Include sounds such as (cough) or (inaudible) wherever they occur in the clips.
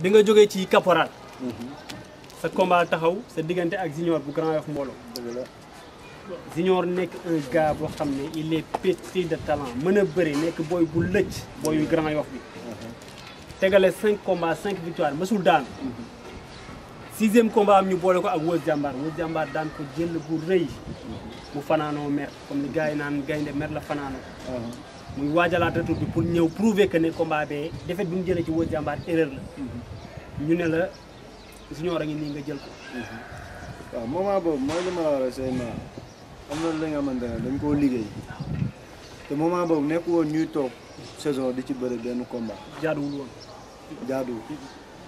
bi nga jógee ci caporal. sa combat taxaw sa diggante ak junior bu Grand Yoff mbooloo. junior nekk un gars boo xam ne il est pétri de talent mën a bëri nekk booy bu lëcc booyu Grand Yoff bi. tegale cinq combats cinq victoires mësul daan. sixième combat am ñu boole ko ak Wëz Jàmbaar Wëz Jàmbaar daan ko jël bu rëy. mu fanaanoo mer comme ni gars yi naan gaynde mer la fanaanoo. Uh-huh. muy waajalaat retour bi pour ñëw prouver que ne combat bee défaite bi ñu jëlee ci Weur Diambar erreur la. Mhm. ñu ne la junior a ngi nii nga jël ko. Mhm. waaw moment boobu mooy li la war a say ma am na li nga xamante ne dañ koo liggéey te moment boobu nekk woon ñuy toog saison di ci bëri benn combat. jaaduwul woon. jaaduwul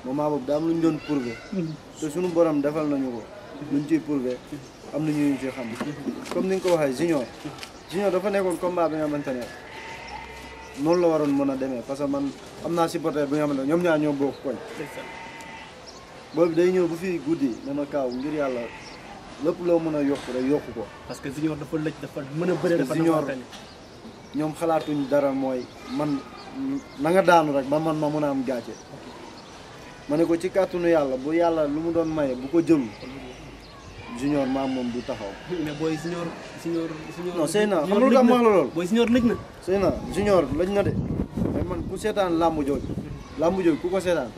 moment boobu daa am lu ñu doon prouver. Mhm. te sunu borom defal nañu ko. luñ ciy prouver am na ñu ñu ci xam. comme ni nga ko waxee junior. junior dafa nekkoon combat bi a xamante ne. noonu la waroon mën a deme parce que man am naa si bi nga xam ne ñoom ñaar ñoo bokk koñ boobu day ñëw bu fi guddi ne ma kaaw ngir yàlla lépp loo mën a yokk rek yokk ko. parce que junior dafa lëj dafa mën a bëre dafa junior ñoom xalaatuñ dara mooy man na nga daanu rek ba man ma mën a am gàcce ma ne ko ci kàttanu yàlla bu yàlla lu mu doon maye bu ko jëlu junior maam moom du taxaw. booy junior junior. non Seyna xam nga lu tax ma wax la lool. booy junior lëj na. Seyna junior lëj na de. man ku seetaan làmb jooju. làmb jooju ku ko seetaan.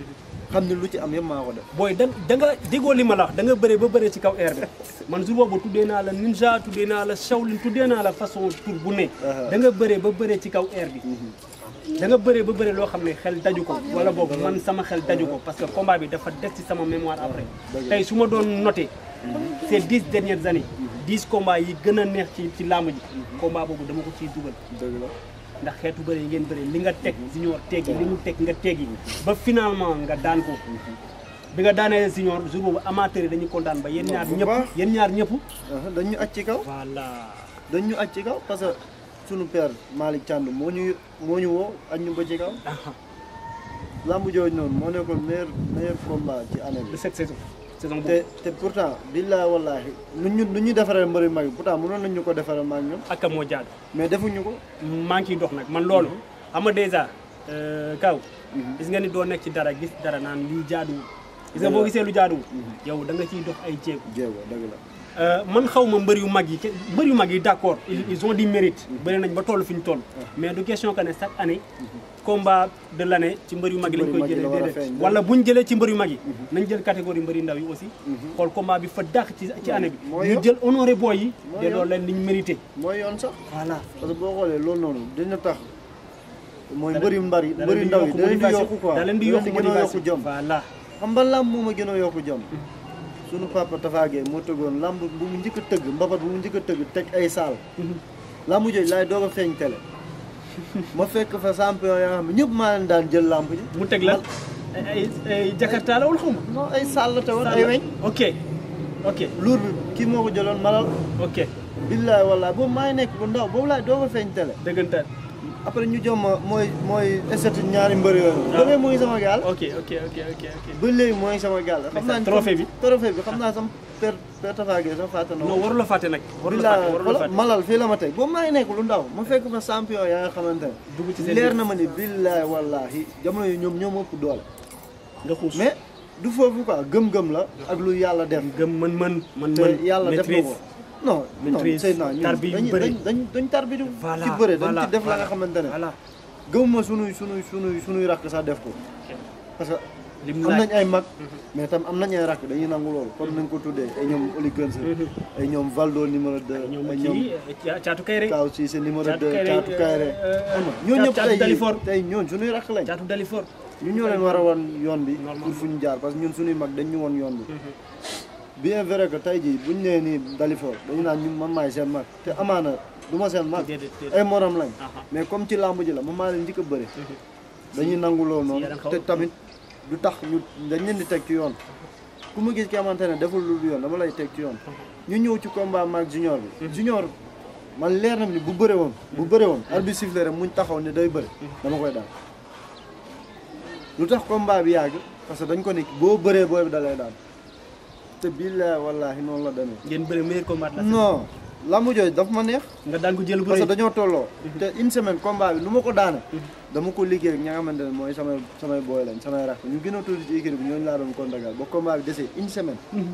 xam ne lu ci am yëpp maa def. booy da da nga déggoo li ma la wax da nga bëree ba bëree ci kaw air bi (laughs) man jour boobu tuddee naa la ninja tuddee naa la Shaolin tuddee naa la façon tur bu ne. Uh-huh. da nga bëree ba bëree ci kaw air bi. Mm-hmm. da nga bëree ba bëri loo xam ne xel daju ko wala boobu man sama xel daju ko parce que combat bi dafa des ci sama mémoire après tey su ma doon noté ces dix dernières années diis combats yi gën a neex ci ci làmb ji combat boobu dama ko ciy dugal ndax xeetu bëri yi ngeen bëri li nga teg junior teggi li mu teg nga teggi ba finalement nga daan ko bi nga daanee junior jour boobu amateur yi dañu kontaan ba yéen ñaar ñëpp yéen ñaar ñëpp dañu acc ci kaw voilà dañu acc sunu per Malick Thiandoum moo ñu moo ñu woo ak ñu ba ci kaw. lamb jooju noonu moo nekkoon meilleur meilleur combat ci année bi. cette saison saison te te pourtant billaahi wallaahi nu ñu nu ñu defaree mbëri mag yi pourtant mënoon nañu ko defaree mag ñoom. ak moo jaadu. mais defuñu ko. maa ngi ciy dox nag man loolu. Mm-hmm. xam nga dèjà euh, kaw. Mm-hmm. gis nga ni doo nekk ci dara gis dara naan lii jaaduwul. gis nga boo gisee lu jaaduwul. Mm-hmm. yow da nga ciy dox ay jéego. jéego dëgg la. Euh, man xaw ma mbër yu mag yi mbër yu mag yi d' accord son di du mérite bëri nañ ba toll fi ñu toll mais du question que ne chaque année combat de l' année ci mbër yu mag yi lañ koy jëlee déedéet wala bu ñu jëlee ci mbër yu mag yi nañ jël catégorie mbër yu ndaw yi aussi xool combat bi fa dàq ci ci année bi ñu jël honoré boy yi de loolu leen liñ mérité mooy yoon sax voilà parce que boo xoolee loolu noonu dina tax mooy mbër yu mbari mbër yu ndaw yi da leen di yokku quoi da leen di yokku motivation voilà xam nga làmb gën a yokku jom sunu papa Tafa moo tëggoon lamb bu mu njëkk tëgg mbabat bu mu njëkk a tëgg teg ay saal (laughs) lamb jooju laay doog a feeñ tele ma fekk fa champion yoo xam ne ñëpp maa leen daan jël lamb ji mu teg lal ay ay la wala xaw ma non ay saal la tewoon ay weñ luur bi kii moo ko jëloon malal ok billaay wallaay boobu maa ngi nekk bu ndaw boobu laay doog feeñ tele après ñu jëm mooy mooy esthétique ñaari mbër yooyu. Ah. ba léegi mooy sama gaal. ok mooy sama gaal. xam naa trophée bi trophée bi xam naa sama per per tafaage sax fàtte na. non warula fàtte nag. warula malal fii la ma teg boobu maa lu ndaw ma fekk fa champion yaa nga xamante ne. leer na ma ni billaay wallaahi jamono yi ñoom ñoom ëpp doole. nga xuus mais du foofu quoi gëm-gëm la. ak lu yàlla dem gëm mën mën. mën yàlla def na ko non non Seydina ñun dañ dañ dañ tarbi ci bëre dañ ci def la nga xamante ne gëw ma sunuy sunuy sunuy sunuy rakk sax def ko parce que am nañ ay mag mhm. mais tam am nañ ay rakk dañuy nangu loolu comme nañ ko tuddee ay ñoom Oli mhm. ñoom Valdo numéro de ay ñoom Caatu Kayre Kaw Cissé numéro 2 Caatu Kayre euh, euh, ñoo tey tey ñoon sunuy rakk lañ Caatu Dalifor ñu ñoo leen war a woon yoon bi pour fu ñu jaar parce que ñun sunuy mag dañ woon yoon bi mhm. bien vrai que tey jii bu ñu nee nii Dalifort dañu naan ñun man maay seen mag te amaana du ma seen mag ay morom lañ mais comme ci làmb ji la man maa leen njëkk a bëri dañuy nangu loolu noonu te tamit du tax ñu dañ leen di teg ci yoon ku ma gis ki xamante ne deful lu yoon dama lay teg ci yoon ñu ñëw ci combat maag junior bi mhm. junior man leer na ni bu bëre woon bu mhm. bëre woon arbitre sifflé muñ taxaw ne day bëri mhm. dama koy daal lu tax combat bi yàgg parce que dañ ko ni boo bëree booy bi daal te billaay wallaahi noonu la demee. ngeen bëri meilleur combat la. non lambu jooju daf ma neex. nga daan ko jël bu parce que dañoo tolloo. Mhm. te une semaine combat ma ko daane. Mhm. dama ko liggéey ak ñi ne mooy samay samay booy lañ samay rax ñu gën a tudd ci équipe bi ñooñu mhm.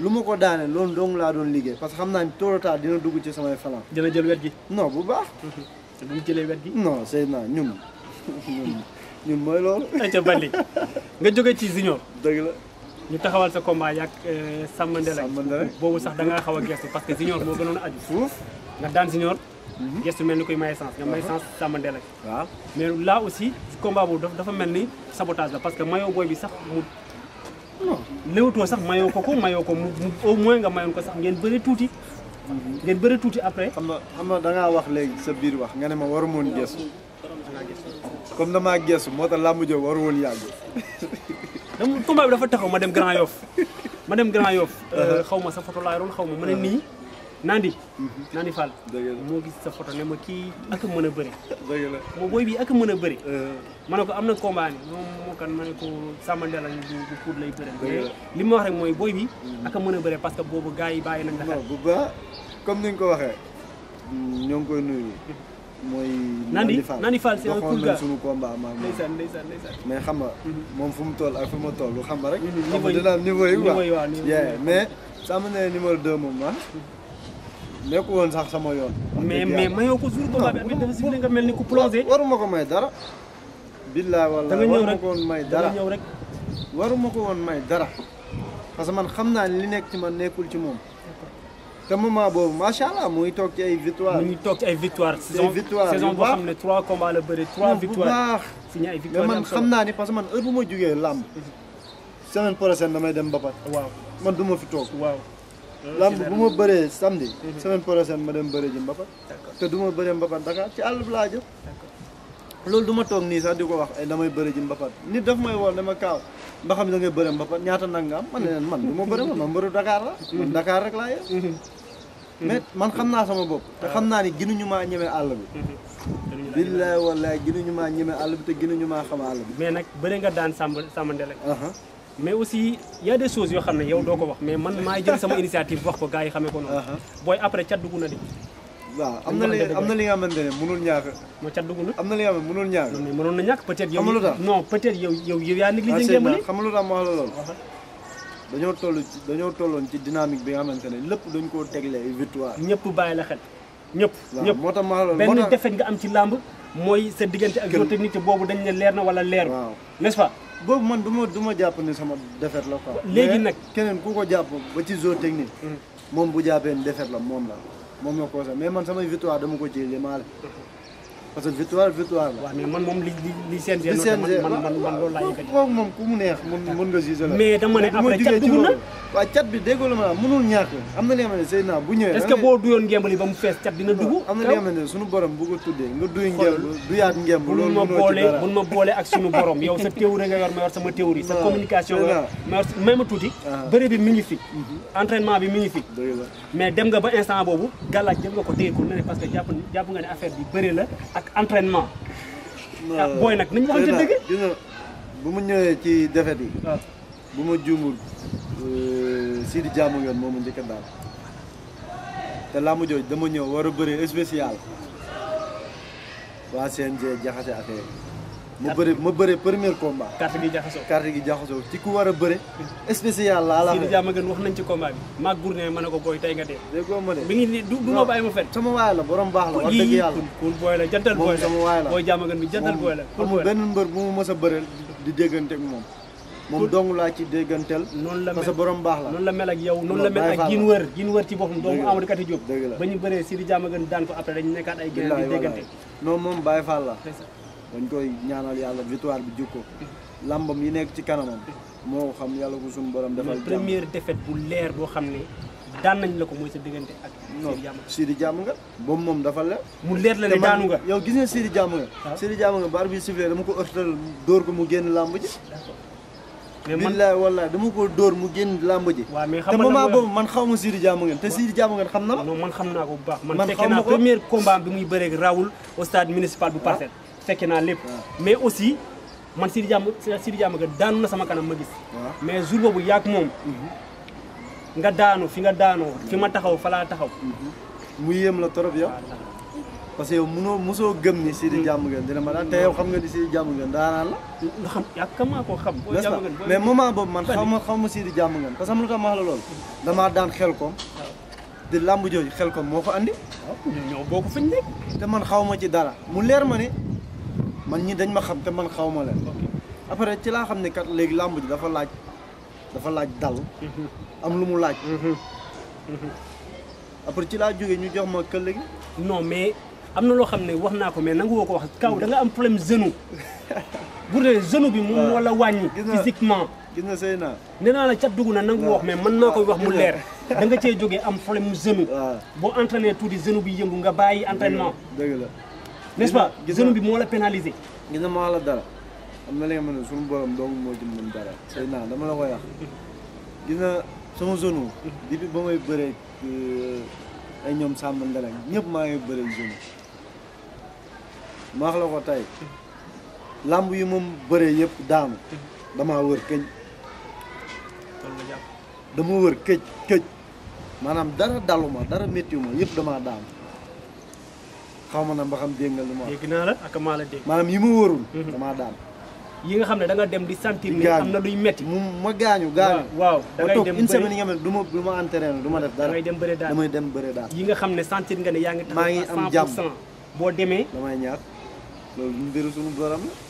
lu ma ko daane loolu dong laa doon liggéey parce que xam naa ni tôt ou tard dina dugg ci samay falan. dina jël wet bu baax. te bu (laughs) ñun ñun mooy loolu. (laughs) nga jóge ci Junior. dëgg la. ñu taxawal sa combat yàgg euh, Samba Ndele boobu sax da ngaa xaw a gestu parce que junior moo gënoon a aju suuf nga daan junior mhm. gestu mel ni kuy may sens nga may uh-huh. sens Samba Ndele waaw mais laa aussi combat boobu dafa mel ni sabotage la parce que mayoo booy bi sax mu léwatoo sax mayoo ko ko mayoo ko mu au moins nga mayoon ko sax ngeen bëri tuuti mhm. ngeen bëri tuuti après xam nga xam nga da ngaa wax léegi sa biir wax nga ne ma waru moon gestu comme damaa gestu moo tax làmb jo waru (laughs) dama combat bi dafa taxaw ma dem Grand Yoff ma dem Grand Yoff (laughs) euh, xaw ma sa foto laay roon xaw ma ma ne nii Nandi mhm. Nandi Fall moo gis sa photo ne ma kii ak mën a bëri moo booy bii ak mën a bëri euh. ma ne ko am na combat ni moom moo kan ma ne ko sàmmandela bu pour lay bëri li ma wax rek mooy booy bi mhm. ak mën a bëri parce que boobu gaa yi bàyyi na la bu baax comme ni ko waxee ñoo ngi koy nuyu mhm. mooy. Nandi Nandi Fall c'est un cool gars suñu combat ma ndeysaan mais xam nga. moom fu mu toll ak fu ma toll xam nga rek. niveau yi dina am niveau yi quoi mais. saa ne nee de moom ah. nekkul woon sax sama yoon. mais mais mayoo ko jour combat bi dafa sifflé nga mel ni ku plongé. waruma ko may dara. billaay wallaay waruma ko woon may dara waruma ko woon may dara. parce que man xam naa li nekk ci man nekkul ci moom. te moment boobu macha allah mu ngi toog ci ay victoire. mu ngi toog ay victoire. saison saison boo xam ne 3 combats la bëri victoire signé man xam naa ni parce que man heure bu ma jugee làmb. semaine prochaine damay dem Mbapat. waaw man du ma fi toog. waaw làmb bu ma bëree samedi. semaine prochaine ma dem bëri ji Mbapat. te du ma bëree Mbapat Dakar ci àll laa lol duma tok ni sax diko wax eh, damay beure ji mbapat nit daf may wol dama kaw ba xam da ngay mbapat ñaata man leen man duma beure man ma Dakar la mhm. man Dakar rek la met mhm. mhm. man xamna sama bop te xamna ni ginuñu maa ñëmé all bi billahi wallahi ginuñu maa ñëmé all bi te ginuñu maa xam all bi mais nak beure nga daan sàmm ya rek mais aussi y a des choses yo yow doko wax mais man may jël sama initiative wax ko gaay xamé ko non uh-huh. boy après duguna di waaw am na li am na li nga xamante ne mënul ñàkk moo cat dugulut am na li nga xam ne mënul ñàkk mais na ñàkk peut-être yow non peut-être yow yow yow yaa négligé ngeen ma la loolu dañoo toll ci ci dynamique bi nga xamante ne lépp dañ koo tegle victoire ñëpp bàyyi la xel ñëpp ñëpp moo tax ma la loolu benn defet nga am ci làmb mooy sa diggante ak yow technique boobu dañ leer na wala leer n'est-ce pas boobu man du ma du ma jàpp ne sama defet la quoi léegi nag keneen ku ko jàpp ba ci zone technique mm. moom bu jàppee defet la moom la moom moo ko mais man samay victoire dama ko jëlee maa la parce que victoire victoire la. waaw man moom li li seen man man man loolu laa yëkkati. kooku moom ku mu neex mën nga gisee la. mais dama ne après cat dugg na waaw cat bi déggoo la ma mënul ñàkk am na li nga bu ñëwee. est-ce que boo duyoon ngemb li ba mu fees cat dina dugg. am na li nga xam ne suñu borom bu ko tuddee nga duy ngemb duyaat ngemb. ma boole ak suñu borom yow sa théorie nga sa communication nga yor ma may ma tuuti. Ah. bëri bi mi ngi fi. Mhm. entraînement bi mi ngi fi. mais dem nga ba instant boobu gala jël nga ko téye ko ne parce que jàpp jàpp nga ne affaire bi bëri la ak entraînement. waaw booy nag nañu waxante dëgg bu mu ñëwee ci defet yi ah. bu ma juumul Euh, Sidi Diamou yoon moomu njëkk daal te làmb jooju dama ñëw war a bëri spécial waa CNG jaxase affaire ma bëri ma bëri premier combat. carte gi jaxasoo carte gi jaxasoo ci ku war a bëri. spécial laa la. Sidi Diamou wax nañ ci combat bi. maag Gourné ma ne ko booy tey nga dee. dégg bi ngi nii du du ma bàyyi ma fen. sama waay la borom baax la wax dëgg yàlla kon kon booy la jantal bi jantal booy la. pour benn mbër bu ma mës a bëri di déggante moom. moom dong laa ci dégganteel noonu la parce que borom baax la noonu la mel ak yow noonu la mel ak gin wër gin wër ci boppam doomu Amadou Kati Diop ba ñu bëree Sidi Diamaguène daan ko après dañu nekkaat ay gën di déggante non moom Baye bi mm-hmm. moo xam yàlla ko suñu borom defal première défaite bu leer boo xam ne daan nañ la ko mooy sa diggante ak Sidi Diamaguène boobu moom dafa leer mu leer la ne daanu nga yow gis nga Sidi Diamaguène ah. Sidi Diamaguène bar bi sifflé dama ko ërtal dóor ko mu génn làmb ji billaay wallaay dama ko dóor mu génn làmb ji te moment boobu man xaw ma Sidi Diama ngeen te Sidi Diama ngeen xam na ma non man xam naa ko bu baax man fekkee naa premier combat bi muy bëreeg Raoul au stade municipal bu ah. Parcelles fekkee naa lépp ah. mais aussi man Sidi Diama Sidi Diama ngeen daanu na sama kanam ma gis ah. mais jour boobu yaag moom mhm. nga daanu fi nga daanoo fi ma mhm. taxaw falaa laa taxaw mhm. mu yéem la torop yow parce que mëno mëso gëm ni sidi jamm gën dina ma da te yow xam nga ni sidi jamm jàmm gën daanaan la xam yàkk maa ko xam boo gën mais moment bob man xam xam sidi jamm gën parce que am lu tax ma la loolu dama daan xel ko di lamb joj xel ko moko ko andi ñoo boo ko nek nekk te man xawma ci dara mu leer ma ni man ñi dañ ma xam te man xawma leen après ci la xam ni kat léegi lamb ji dafa laaj dafa laaj dal mhm. am lu mu laaj mhm. Mhm. après ci la jógee ñu jox ma këll gi non mais Je lo xamné waxna ko mais nangu ko wax kaw da nga am problème genou (laughs) genou bi la ah. physiquement gis na la ah. wax mu ah. da nga am problème genou genou bi yëngu nga entraînement n'est-ce pas genou bi mo la pénaliser gina le la dara amna borom dara dama la koy wax genou (laughs) depuis bamay euh, ay ñom ma wax la ko tay lamb yu mum beure yep daam dama wër keñ dama wër këj këj manam dara daluma dara metiuma, yep dama daam xawma na ba xam dégg nga li ma la ak maa la dégg maanaam wërul mhm. dama daam yi nga xamne da nga dem di sentir ni amna luy metti mu ma gañu gañu waaw da ngay dem une semaine nga mel duma duma ma duma def dara dem bëre daal damay dem beure daal yi nga xamne sentir nga ne yaangi tax maa ngi am damay ñaar Windows 10 programı